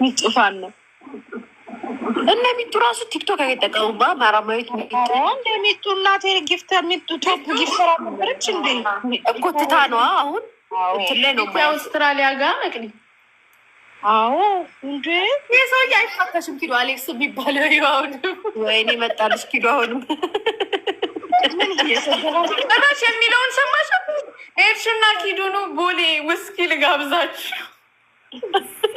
ሚጡፋን ነው እና ሚጡ ራሱ ቲክቶክ አይጠቀሙባ ማራማዊት እንደ ሚጡ እናቴ ጊፍተ ሚጡ ቶፕ ጊፍተራ ነበረች እንዴ እኮ ትታ ነዋ። አሁን እንትን ነው አውስትራሊያ ጋር መቅኒ አዎ እንዴ ይህ የሰውዬ አይፋከሽም ኪዶ አሌክስ የሚባለው ይሁን ወይኔ መጣልሽ ኪዶ አሁንም ራሽ የሚለውን ሰማሽ? ኤርሽና ኪዱኑ ቦሌ ውስኪ ልጋብዛችሁ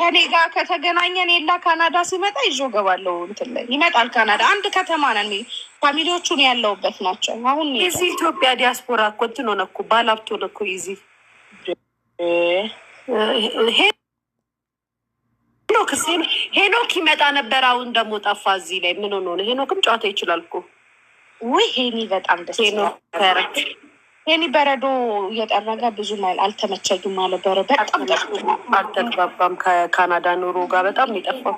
ከኔ ጋር ከተገናኘን የላ ካናዳ ሲመጣ ይዞ ገባለሁ። እንትን ላይ ይመጣል። ካናዳ አንድ ከተማ ነን። ፋሚሊዎቹን ያለውበት ናቸው። አሁን የዚህ ኢትዮጵያ ዲያስፖራ እኮ እንትን ሆነ እኮ ባላብቶ ሆነ እኮ የዚህ ሄኖክ ይመጣ ነበር። አሁን ደግሞ ጠፋ። እዚህ ላይ ምን ሆነ? ሄኖክም ጨዋታ ይችላል እኮ። ውይ ሄኒ በጣም ደስ ሄኖክ የኔ በረዶ እየጠረገ ብዙ አልተመቸኝም አለ። በረዶ በጣም አልተግባባም ከካናዳ ኑሮ ጋር በጣም የጠፋው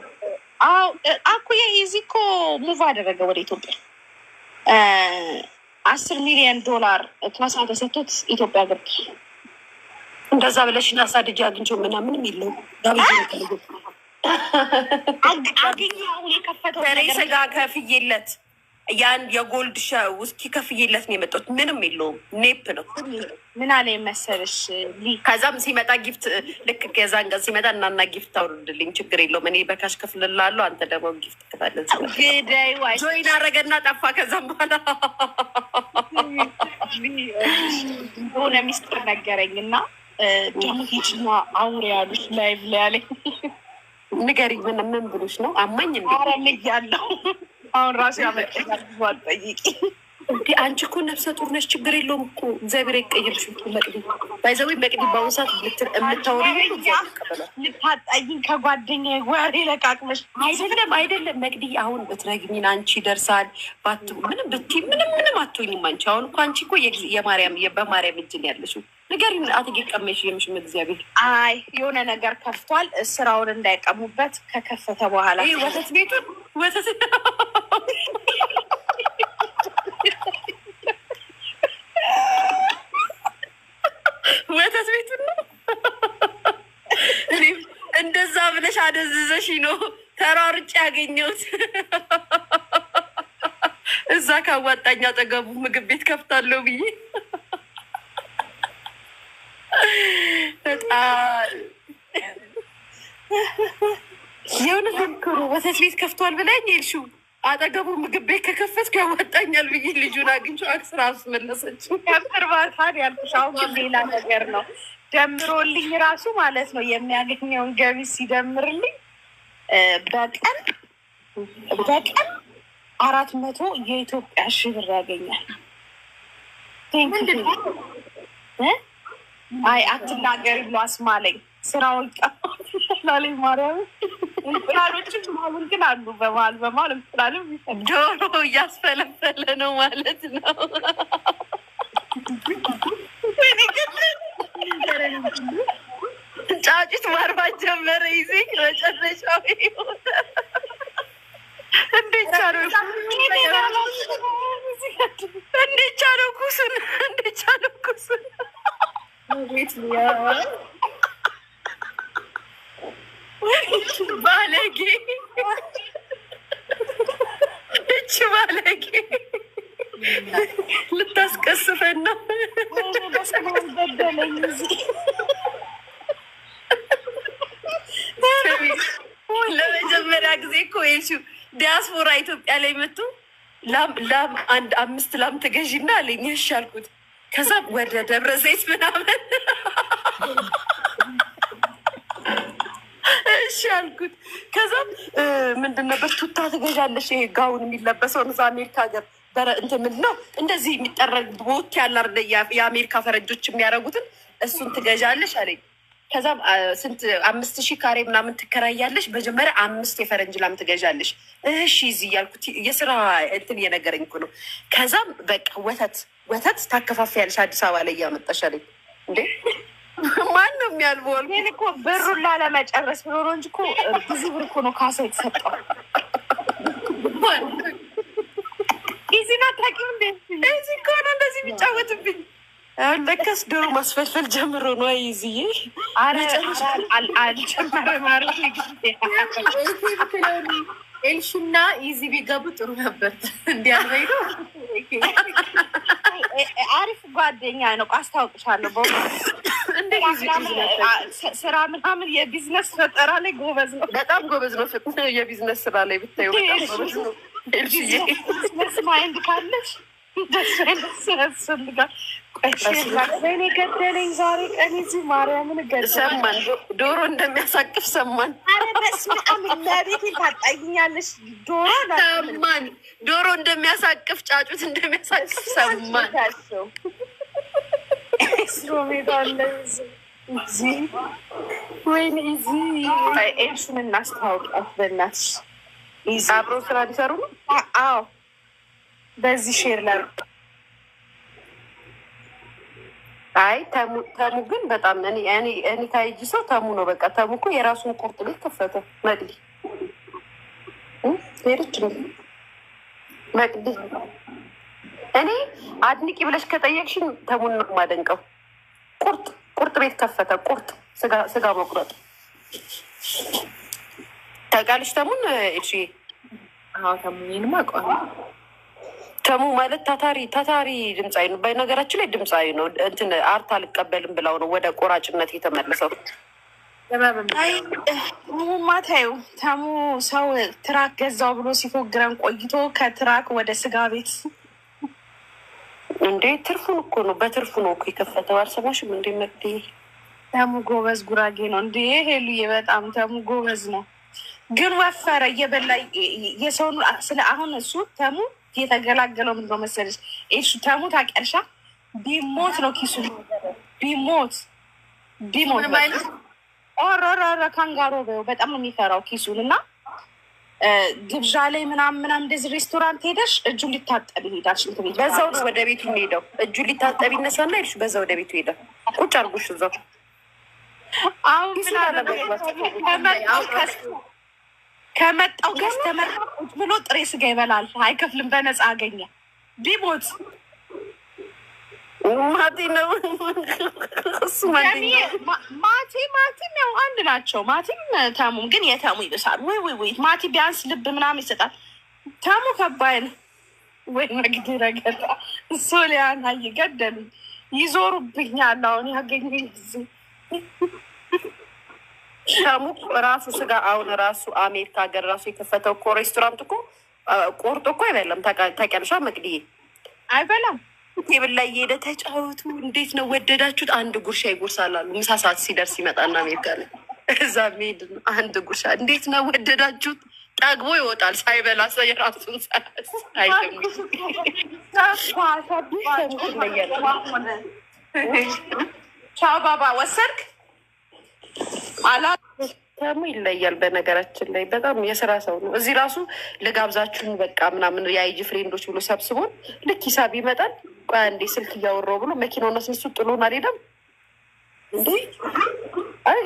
አኩዬ ኢዚ እኮ ሙቭ አደረገ ወደ ኢትዮጵያ። አስር ሚሊዮን ዶላር ካሳ ተሰቶት ኢትዮጵያ ገብቶ እንደዛ ብለሽ አሳድጄ አግኝቼው ምናምንም የለውም አሁን የከፈተው ሬሰጋ ከፍዬለት ያን የጎልድ ውስኪ ከፍዬለት ነው የመጣሁት። ምንም የለውም ኔፕ ነው። ምን አለ መሰለሽ፣ ከዛም ሲመጣ ጊፍት ልክ ከዛን ጋር ሲመጣ እናና ጊፍት አውርድልኝ፣ ችግር የለውም እኔ በካሽ ክፍልላለሁ፣ አንተ ደግሞ ጊፍት ክፈልን። ጆይን አረገና ጠፋ። ከዛም በኋላ ሆነ ሚስጥር ነገረኝ እና ደግሞ ሂጂና ያሉች ላይቭ ላይ ያለኝ ንገሪ፣ ምን ምን ብሎሽ ነው? አማኝ እንዴ? ኧረ ልጅ ያለው አሁን ራሱ ያመጣል ጠይቂ እንዲ አንቺ እኮ ነፍሰ ጡር ነሽ። ችግር የለውም እኮ እግዚአብሔር ይቀይርሽ። መቅዲ ባይዘዊ መቅዲ በአሁኑ ሰዓት የምታወሩ ልታጣይን ከጓደኛ ወሬ ለቃቅመሽ አይደለም አይደለም። መቅዲ አሁን ብትረግሚን አንቺ ይደርሳል ባት ምንም ብትይ ምንም ምንም አትሆኝም። አንቺ አሁን እኮ አንቺ እኮ የማርያም በማርያም እጅን ያለሽው ነገር አትጌ ቀመሽ የምሽም እግዚአብሔር አይ የሆነ ነገር ከፍቷል። ስራውን እንዳይቀሙበት ከከፈተ በኋላ ወተት ቤቱን ወተት ወተት ቤቱን ነው እንደዛ ብለሽ አደዝዘሽ ነው ተሯርጬ ያገኘሁት። እዛ ካዋጣኝ አጠገቡ ምግብ ቤት ከፍታለሁ ብዬ የሆነ ተምክሩ ወተት ቤት ከፍቷል ብላኝ ይልሹ አጠገቡ ምግብ ቤት ከከፈትኩ ያወጣኛል ብዬ ልጁን አግኝቼዋት ስራ መለሰችው። ከምርባታን ያልኩሽ አሁን ሌላ ነገር ነው። ደምሮልኝ ራሱ ማለት ነው የሚያገኘውን ገቢ ሲደምርልኝ በቀን በቀን አራት መቶ የኢትዮጵያ ሺህ ብር ያገኛል። አይ አትናገሪ ብሎ አስማለኝ። ስራውን ቀላለኝ ማርያም እንቁላሎችም ማሁን ግን አሉ በመሀል በመሀል እንቁላልም ዶሮ እያስፈለፈለ ነው ማለት ነው። ጫጩት ማርባት ጀመረ ይዜ መጨረሻው እንዴት ቻለው እንዴት ቻለው ኩሱን እንዴት ቻለው ኩሱን ባለጌ እች ባለጌ ልታስቀስፈን ነው። ለመጀመሪያ ጊዜ እኮ ዲያስፖራ ኢትዮጵያ ላይ መጡ። ላም ላም አንድ አምስት ላም ተገዢና አለኝ። እሺ አልኩት። ከዛ ወደ ደብረ ዘይት ምናምን እሺ አልኩት። ከዛ ምንድን ነበር ቱታ ትገዣለሽ፣ ይሄ ጋውን የሚለበሰውን እዛ አሜሪካ ሀገር እንትን ምንድን ነው እንደዚህ የሚጠረግ ቦት ያለ የአሜሪካ ፈረንጆች የሚያደርጉትን እሱን ትገዣለሽ አለኝ። ከዛ ስንት አምስት ሺህ ካሬ ምናምን ትከራያለሽ፣ መጀመሪያ አምስት የፈረንጅ ላም ትገዣለሽ። እሺ እዚህ እያልኩት የስራ እንትን እየነገረኝ እኮ ነው። ከዛም በቃ ወተት ወተት ታከፋፍያለሽ አዲስ አበባ ላይ እያመጣሽ አለኝ። እንዴ ማን ነው የሚያልበል? ይህን እኮ ብሩላ ላለመጨረስ ብሎ ነው እንጂ እኮ ብዙ ብር እኮ ነው ካሳ የተሰጠው። ኢዚና ታቂም እዚ ከሆነ እንደዚህ የሚጫወትብኝ። ለከስ ዶሮ ማስፈልፈል ጀምሮ ነው። ይዝዬ ኤልሽና ኢዚ ቢገቡ ጥሩ ነበር። እንዲያልበይ ነው አሪፍ ጓደኛ ነው። አስታውቅሻለሁ። ስራ ምናምን የቢዝነስ ፈጠራ ላይ ጎበዝ ነው። በጣም ጎበዝ ነው። የቢዝነስ ስራ ላይ ብታዩ ቢዝነስ ማይንድ ካለሽ እኔ ገደለኝ ዛሬ ቀን እዚህ ማርያምን ገሰማን ዶሮ እንደሚያሳቅፍ ሰማን። ኧረ በስመ አብ ታጣይኛለሽ ዶሮ ሰማን ዶሮ እንደሚያሳቅፍ ጫጩት እንደሚያሳቅፍ ሰማን። ኤፕሱን እናስተዋውቃት በእናትሽ። አብሮ ስራ ሊሰሩ ነው። አዎ በዚህ ሼር ላይ አይ ተሙ ግን በጣም እኔ ታይጅ ሰው ተሙ ነው። በቃ ተሙ እኮ የራሱን ቁርጥ ቤት ከፈተ። መድ ሄደች ነው መቅድስ እኔ አድንቂ ብለሽ ከጠየቅሽን ተሙን ነው የማደንቀው። ቁርጥ ቁርጥ ቤት ከፈተ። ቁርጥ ስጋ መቁረጥ ታውቃለሽ? ተሙን እሺ፣ ተሙኝን አውቀዋለሁ። ተሙ ማለት ታታሪ ታታሪ ድምፃዊ ነው። በነገራችን ላይ ድምፃዊ ነው። እንትን አርት አልቀበልም ብላው ነው ወደ ቆራጭነት የተመለሰው። ሙማ ታዩ ተሙ ሰው ትራክ ገዛው ብሎ ሲፎግረን ቆይቶ ከትራክ ወደ ስጋ ቤት እንዴ! ትርፉን እኮ ነው፣ በትርፉ ነው እኮ የከፈተው። አልሰማሽም እንዴ? መርዴ ተሙ ጎበዝ ጉራጌ ነው እንዴ! ሄሉዬ በጣም ተሙ ጎበዝ ነው፣ ግን ወፈረ እየበላ የሰውን ስለ አሁን እሱ ተሙ የተገላገለው ምን በመሰለች እሱ ተሙ ታቀርሻ ቢሞት ነው ኪሱ ቢሞት ቢሞት ኦረረረ ካንጋሮ በው በጣም የሚፈራው ኪሱን እና ግብዣ ላይ ምናምን ምናምን እንደዚህ ሬስቶራንት ሄደሽ እጁ ሊታጠብ ይሄዳል። ሽንት ቤት በዛው ነው ወደ ቤቱ ሄደው እጁ ሊታጠብ ይነሳና ሄድሽ በዛ ወደ ቤቱ ሄደው ቁጭ አርጉሽ እዛው ከመጣው ከስተመር ብሎ ጥሬ ስጋ ይበላል። አይከፍልም፣ በነፃ አገኘ ቢሞት ማቲ ነው ማቲ ማቲም ያው አንድ ናቸው። ማቲም ተሙም ግን የተሙ ይብሳል። ወይ ወይ ወይ ማቲ ቢያንስ ልብ ምናምን ይሰጣል። ተሙ ከባይ ነው ወይ መግድ ረገጣ እሱ ሊያና ይገደሉ ይዞሩብኛል። አሁን ያገኙ ጊዜ ተሙ ራሱ ስጋ አሁን ራሱ አሜሪካ ሀገር ራሱ የከፈተው እኮ ሬስቶራንት እኮ ቆርጦ እኮ አይበላም። ታውቂያለሽ መቅድዬ አይበላም ቴብል ላይ የሄደ ተጫወቱ፣ እንዴት ነው ወደዳችሁት? አንድ ጉርሻ ይጎርሳላሉ። ምሳ ሰዓት ሲደርስ ይመጣና ሜጋ ላይ እዛ ሄድ አንድ ጉርሻ እንዴት ነው ወደዳችሁት? ጠግቦ ይወጣል ሳይበላ ሰ የራሱን ቻው ባባ አላ አላሙ ይለያል። በነገራችን ላይ በጣም የስራ ሰው ነው። እዚህ ራሱ ልጋብዛችሁን በቃ ምናምን የአይጂ ፍሬንዶች ብሎ ሰብስቦን ልክ ሂሳብ ይመጣል። ቆይ አንዴ ስልክ እያወራሁ ብሎ ነው አስነሱ ጥሎን አልሄደም እንዴ?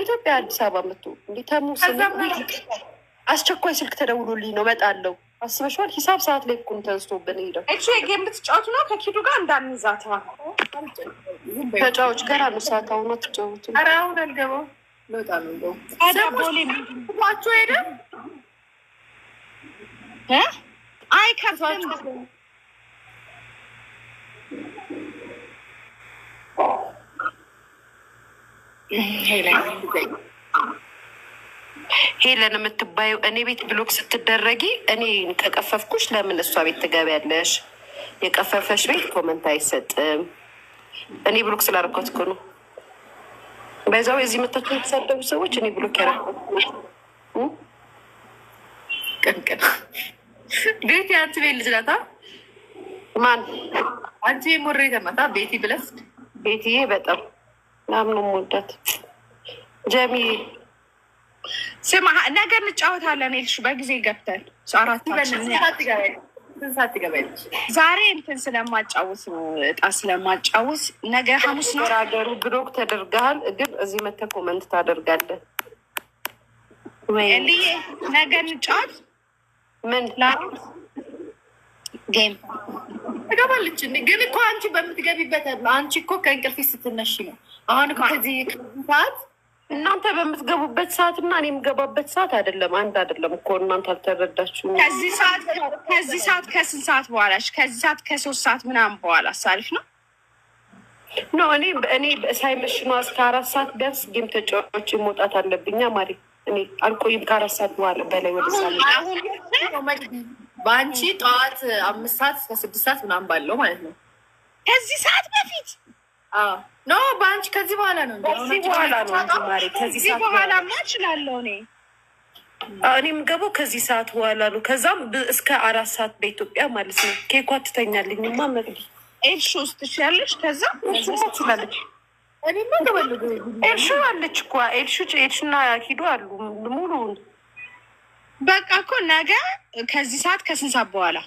ኢትዮጵያ አዲስ አበባ መቶ እንዴ ተሙስ አስቸኳይ ስልክ ተደውሎልኝ ነው መጣለው። አስበሽዋል? ሂሳብ ሰዓት ላይ እኮ ነው ተነስቶብን ሄደው እቺ ጌም ልትጫወት ነው ከኪዱ ጋር እንዳንዛታ ተጫዎች ጋር ነው ሰዓት አሁን አትጫወት። ኧረ አሁን አልገባም ሄደ አይ ከፍተን ሄለን የምትባዩ እኔ ቤት ብሎክ ስትደረጊ እኔ ከቀፈፍኩሽ ለምን እሷ ቤት ትገቢያለሽ? የቀፈፈሽ ቤት ኮመንት አይሰጥም። እኔ ብሎክ ስላደረኳት እኮ ነው። በዛው የዚህ መታቸው የተሳደቡ ሰዎች እኔ ብሎክ ያደረኳት ቤት የአንቺ ቤት ልጅ ናታ። ማን አንቺ ሞሬ ተመታ ቤቲ ብለስ ቤትዬ በጣም በጣም ነው የምወዳት ጀሚ። ስማ ነገ እንጫወታለን ልሽ በጊዜ ገብተን አራት ዛሬ እንትን ስለማጫውስ እጣ ስለማጫውስ ነገ ሐሙስ ነው። ራገሩ ብሎክ ተደርገሃል፣ ግን እዚህ መተህ ኮመንት ታደርጋለህ። ልዬ ነገ እንጫወት። ምን ጌም እገባለች ግን እኮ አንቺ በምትገቢበት አንቺ እኮ ከእንቅልፊ ስትነሺ ነው አሁን ከዚህ ሰዓት እናንተ በምትገቡበት ሰዓት እና እኔ የምገባበት ሰዓት አይደለም፣ አንድ አይደለም እኮ እናንተ አልተረዳችሁ። ከዚህ ሰዓት ከዚህ ሰዓት ከስንት ሰዓት በኋላ ከዚህ ሰዓት ከሶስት ሰዓት ምናምን በኋላ አሳልፍ ነው። ኖ እኔ እኔ ሳይመሽኗ እስከ አራት ሰዓት ቢያንስ ጌም ተጫዋቾች መውጣት አለብኝ። ማሪ። እኔ አልቆይም ከአራት ሰዓት በኋላ በላይ ወደ ሳ በአንቺ ጠዋት አምስት ሰዓት እስከ ስድስት ሰዓት ምናምን ባለው ማለት ነው ከዚህ ሰዓት በፊት ኖ በአንቺ ከዚህ በኋላ ነው ከዚህ በኋላ ነው ከዚህ በኋላ ማ እችላለሁ እኔ እኔም ገቦ ከዚህ ሰዓት በኋላ ነው። ከዛም እስከ አራት ሰዓት በኢትዮጵያ ማለት ነው። ኬኳ ትተኛልኝ ማ መቅዲ ኤልሹ ውስጥ ትችላለች። ከዛ ትችላለች። ኤልሹ አለች እኮ ኤልሹ ኤልሹና ሂዶ አሉ ሙሉ በቃ እኮ ነገ ከዚህ ሰዓት ከስንት ሰዓት በኋላ